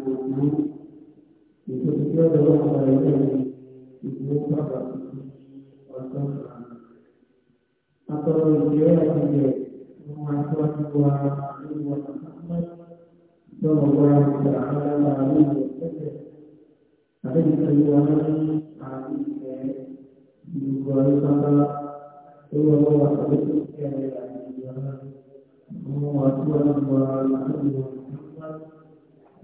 ìgbòho ìtòkì tí ọ̀dọ̀ wọn wà lẹ́yìn ìgbòho pàpà ọ̀sán kan. Àtọ̀rọ̀ ìgbéyà ìgbìyà wọn wá tó àdúgbò ara nínú ọ̀nà Muhammad lọ́wọ́ wá ìgbà alára àwọn ìgbésẹ̀. Àbẹ́bí pẹ̀lú wa ní àbí ìfẹ́ ìgbòho ìpàpà lọ́wọ́ wá àbẹ́bí ìfẹ́ ìgbòho àwọn àdúgbò ara nínú ọ̀nà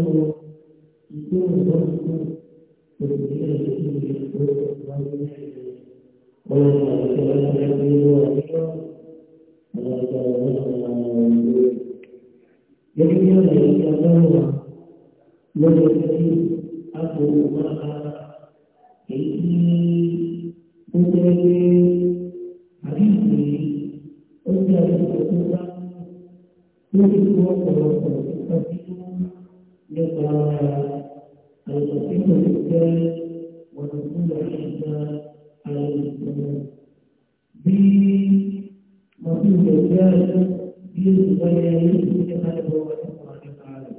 له يكون الرسل Thank you. nípa àìsàkínú ìfẹ́ wàtúndà ìṣẹ̀dá àìsàn bí wàtúndà ìfẹ́ bí ó ti wáyé ayé tó ní àìbọ̀ wáyé wà nípa rẹ̀.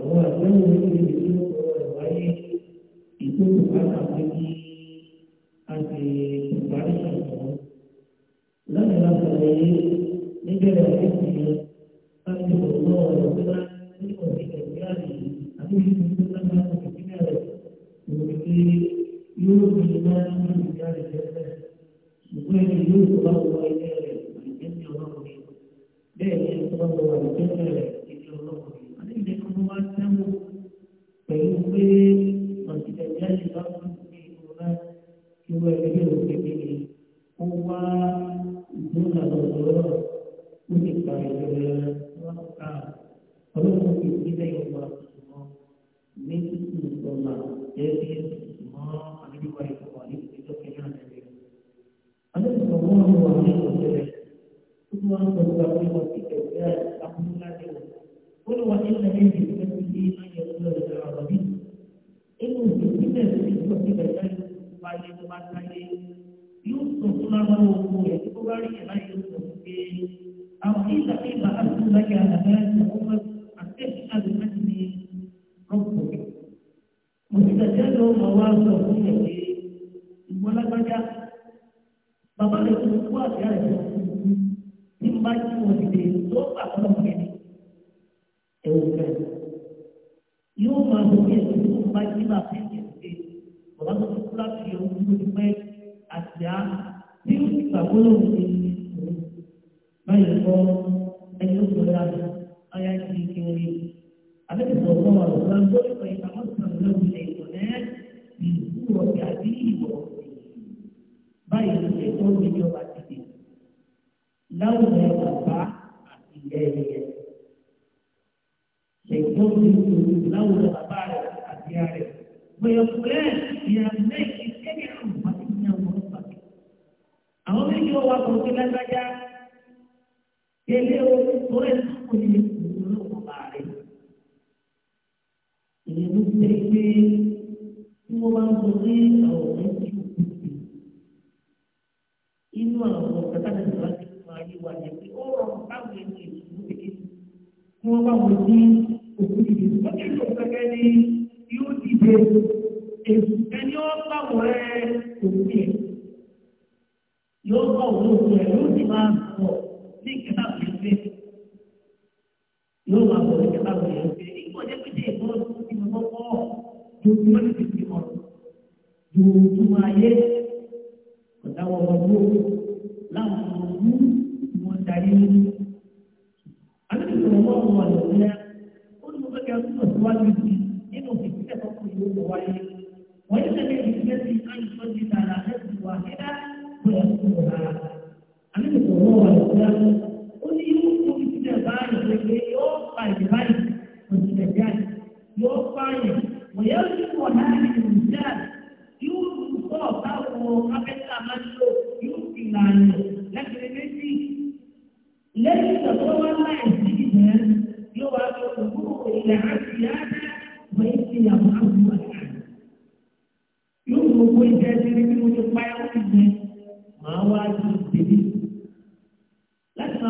àwọn àgbẹ̀wò ní ibi tí ó sọ̀rọ̀ wáyé ìtòkù pàtàkì ní àti ìparí ìṣàkóso. lọ́nà ìlànà yìí nígbẹ̀rẹ̀ àti ìṣẹ̀lẹ̀ láti ọ̀gbọ́n ọ̀rọ̀ ẹni yóò tó bá tó wá ilé rẹ̀ ìdíje ọlọ́run ni bẹ́ẹ̀ ni ẹni tó bá tó wá ìdíje rẹ̀ ìdíje ọlọ́run ni àti ìdíje kan tó wá sẹ́wọ̀n pẹ̀lú pé ọ̀sìnkẹ̀ jáde bá wọn ní ìlú náà kí wọ́n ẹgbẹ́ yóò tẹ̀lé ni ó wá ìdúrà lọ́dọ̀ ó sì pa ìrẹ̀lẹ̀ wọn ká ọlọ́run ti ìdílé ìwà ọ̀sùn ní ìsọ̀lá ẹ̀ẹ́dẹ́gbẹ̀rún. batali yusuf nanu kuya ko bari ke bari yusuf ke au hinda ke ba asu da ke ada ban ke umma asse ke ada ban ni rokko mutta jado mawasuf bí ó ti gbàgbọ́ lóhùn sí òun báyìí kọ́ ẹni ló gbọ́dọ̀ àbí ọ̀yá ti kí wọ́n rí abẹ́tẹ̀ sọ̀rọ̀ fún wa lọ́wọ́ lọ́wọ́ lọ́wọ́ ìgbà wọ́n sọ̀rọ̀ lọ́wọ́ ilẹ̀ ìkọ̀lẹ́ ìlú ọ̀gá àbí ìwọ̀ báyìí ló ṣe tó ní ìjọba títì láwùjọ bàbá àti ìyá ẹ̀yẹ ṣèkó ní ìlú láwùjọ bàbá rẹ̀ àti ní ó wà fún pípẹ́ lágbájá ilé tó rẹ̀ kò ní ìlú lọ́wọ́ bá rẹ̀. Ìyẹn ló ṣe pé tí wọ́n bá ń sọ pé àwọn ọ̀rẹ́ ti kú sí. Inú àwọn kàtàkì ìjọba ti fún ayé wa ni pé ó rọrùn káwọn ẹni ìṣòro kékeré tí wọ́n bá wọ sí òkú ìdè. Wọ́n ti lò kẹ́kẹ́ ní yóò dìde èsì ẹni ó bá wọ̀ ẹ́ òkú yẹn yóò kọ òwúrò rẹ̀ yóò sì máa bọ̀ ní ìkẹta òye pé yóò máa bọ̀ ní ìkẹta òye pé ìgbọ́ jẹ́ pé ṣe ìbọn tó ti mọ́ pọ̀ lójú wọn ti fi hàn lójú ayé ọ̀dáwọ̀ ọ̀dọ́ láwọn ọ̀dọ́ ni wọ́n darí nínú. Àlejò ìwọ̀n wọn wà lọ́wọ́ ó ní mo fẹ́ kí a túbọ̀ síwájú sí nínú òfìsí ẹ̀kọ́ kan yóò wáyé. Wọ́n yóò tẹ̀lé ìfẹ́ sí àyùsọ́jì dára Thank you.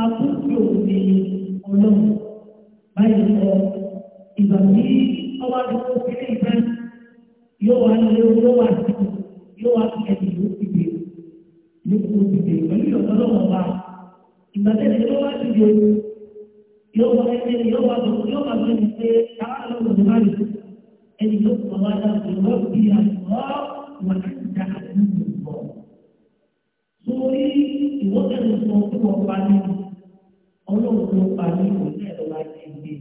àtúntò ní ọlọ́run báyìí sọ ìgbà tí ọba dúró sílé ìfẹ́ yóò wá lé yóò wá sí yóò wá sí ẹ̀sìn ló ti dé ló kó ti dé pẹ̀lú ìyọ̀tọ̀ lọ́wọ́ ọba ìgbà tẹ̀lé yóò wá ti dé yóò wá ẹsẹ̀ yóò wá sọ yóò wá sọ ní pé káwá lọ́wọ́ ọ̀dọ́ báyìí ẹni yóò kọ́ wá dá ìwọ́ bí i àtúwọ́ wọn á ti dá àdúgbò bọ̀. sórí ìwọ́tẹ̀lẹ̀ sọ fún ọba nínú ọlọ́run ló pa ní òun náà lọ́wọ́ àti ìgbé.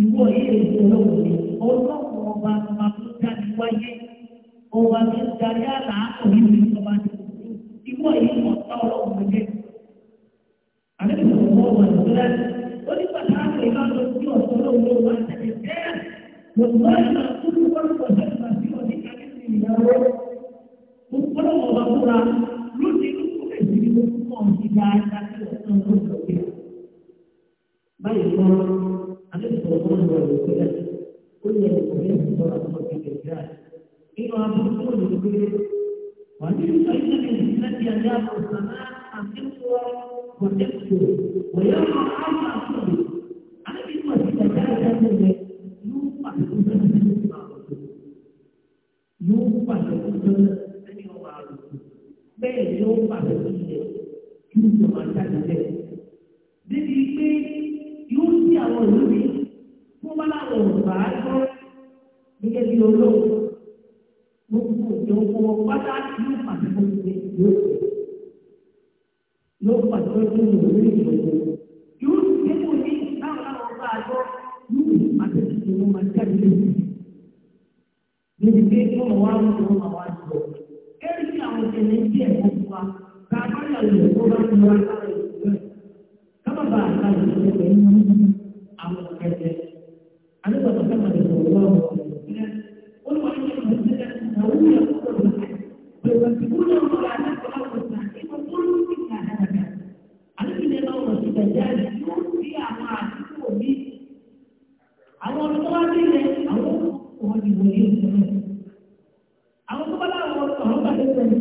Ìwọ yìí èyí ọlọ́run ni ọlọ́run ọba ọba tó dáni wáyé ọba tó darí àlàáfọ̀ nínú ìjọba tó kú. Ìwọ yìí mọ̀ tá ọlọ́run ló jẹ́. Àlejò ọ̀pọ̀ ọ̀wà ìjọba ó ní pàtàkì ìlú àwọn ojú ọ̀sán ọlọ́run ló wà tẹ̀lé bẹ́ẹ̀. Yorùbá ìlà kúrú wọ́n pọ̀ sẹ́yìn àti ọ̀dí kàdéjì ìyàwó. Ọlọ́run ọba fúnra ló ti lókùn ẹ̀sìn ní gbogbo ọ̀sìn dáadáa sí ọ̀sán ọlọ́run lọ́gbẹ̀ẹ́. que báyìí kan alẹ́sọ̀rọ̀ wọn lọ rẹ̀ que ó yẹ ìkọ̀lẹ́ ìsọ̀rọ̀ àtúntò kékeré rẹ̀ nínú abúlé tó lè que wà ní ìsọ̀ ìsẹ̀lẹ̀ ìsẹ̀lẹ̀ ìyá ọ̀sán àtẹ̀kọ́ kọ̀tẹ́kọ̀ wọ̀yẹ́ wọn á máa sọ̀rọ̀ alẹ́bíkọ̀ sí ẹ̀dá ẹ̀dá tẹ̀lẹ̀ yóò pàṣẹ fún sẹ́ni yóò pàṣẹ fún sẹ́ni ọ̀wà àrùn bẹ́ẹ̀ yóò pàṣẹ para que kí ó jọba que bẹ́ẹ̀ débi pé àwọn ìlú mi wọ́n bá láwọn ọ̀gbà tó gẹ́gẹ́ bí olóòtú gbogbo òjò owó pátá yóò pàṣẹ fún mi yóò pè yóò pàṣẹ fún mi yóò ní yóò máa jáde lẹ́yìn níbi sí àwọn tí fún wa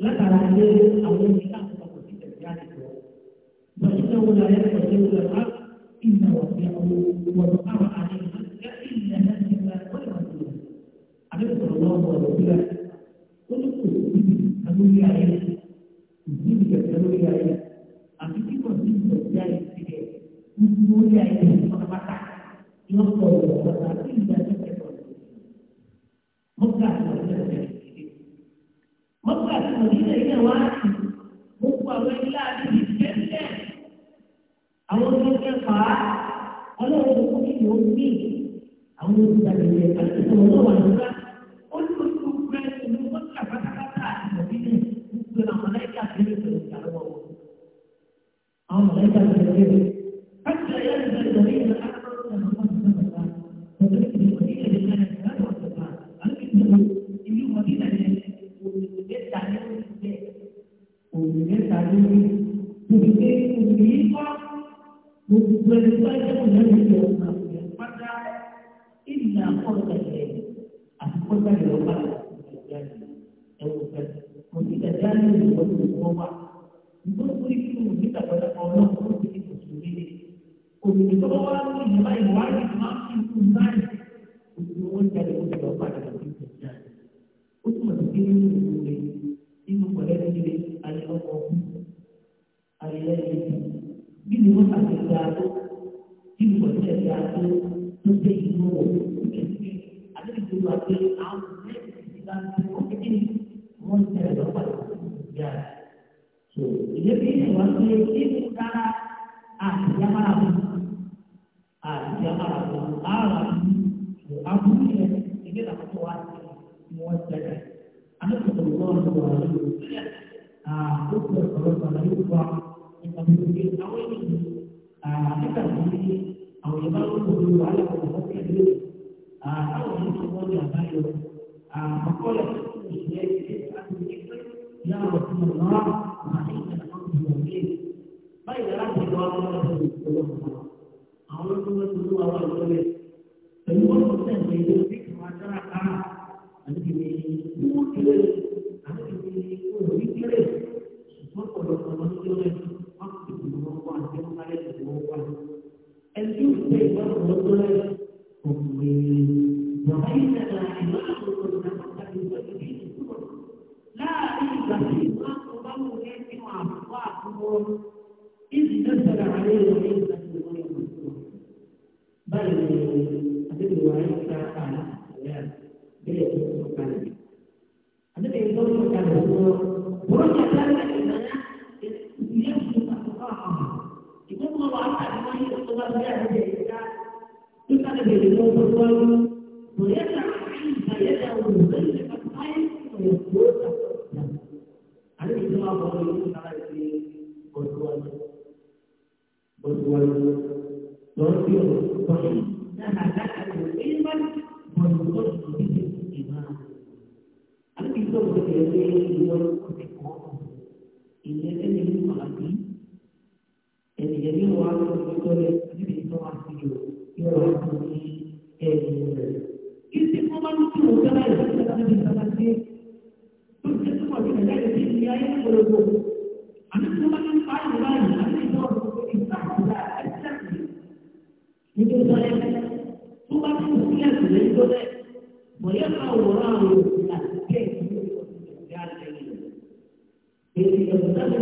lantaran dia Allah minta kepada kita dia itu. Bagi saya mulanya pada itu adalah inna wa ta'ala Allah berikan faham, Allah berikan ilmu. Allah sudah berikan kita semua juga. Untuk tujuan itu, kita kata-kata ini bukan mereka berikan kepada Allah. Allah mereka berikan. Thank you untuk berbaik dengan kita. Pada inna korban aku korban lupa dan kita jadi untuk semua. Untuk itu kita pada orang untuk itu sendiri. Untuk itu orang ini lain lagi makin kuat untuk menjadi untuk lupa dengan kita jadi. Untuk menjadi untuk ini ini boleh menjadi alam umum alam ini non accettato, chi non accettato, non c'è il nuovo, perché adesso la gente ha un sentimento di tanti non c'è la parola di tutti gli altri. E io penso quando io chiedo in cara, ah, si chiama la Bibbia, ah, si chiama la Bibbia, ah, la Bibbia, ah, la Bibbia, kita mungkin tahu ini kita mungkin tahu yang baru berdua ada berhenti dulu tahu semua yang baru makola ini dia kita mungkin ya Rasulullah kita mungkin mungkin baik dalam berdoa kita berdoa awal kita dulu awal kita semua kita berdoa itu berbeda dengan kutipan. Ini adalah yang mati. Ini jadi orang yang berkorban di bawah hidup. Orang ini adalah. Kutipan manusia bukan hanya kita di bawah hidup. Tetapi semua kita ada di dunia ini berlaku. Anak zaman yang paling baik, anak zaman yang paling baik, anak zaman yang paling baik. Itu saya. Semua manusia sudah itu. Mereka orang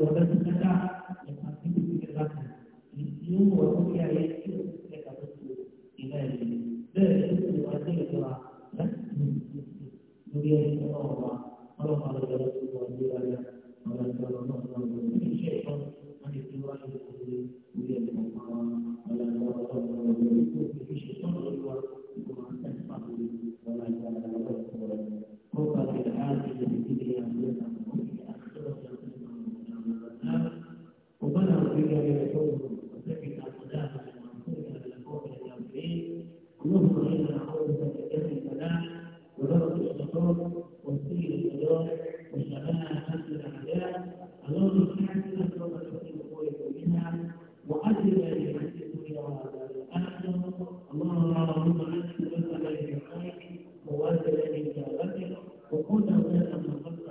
我的世界。que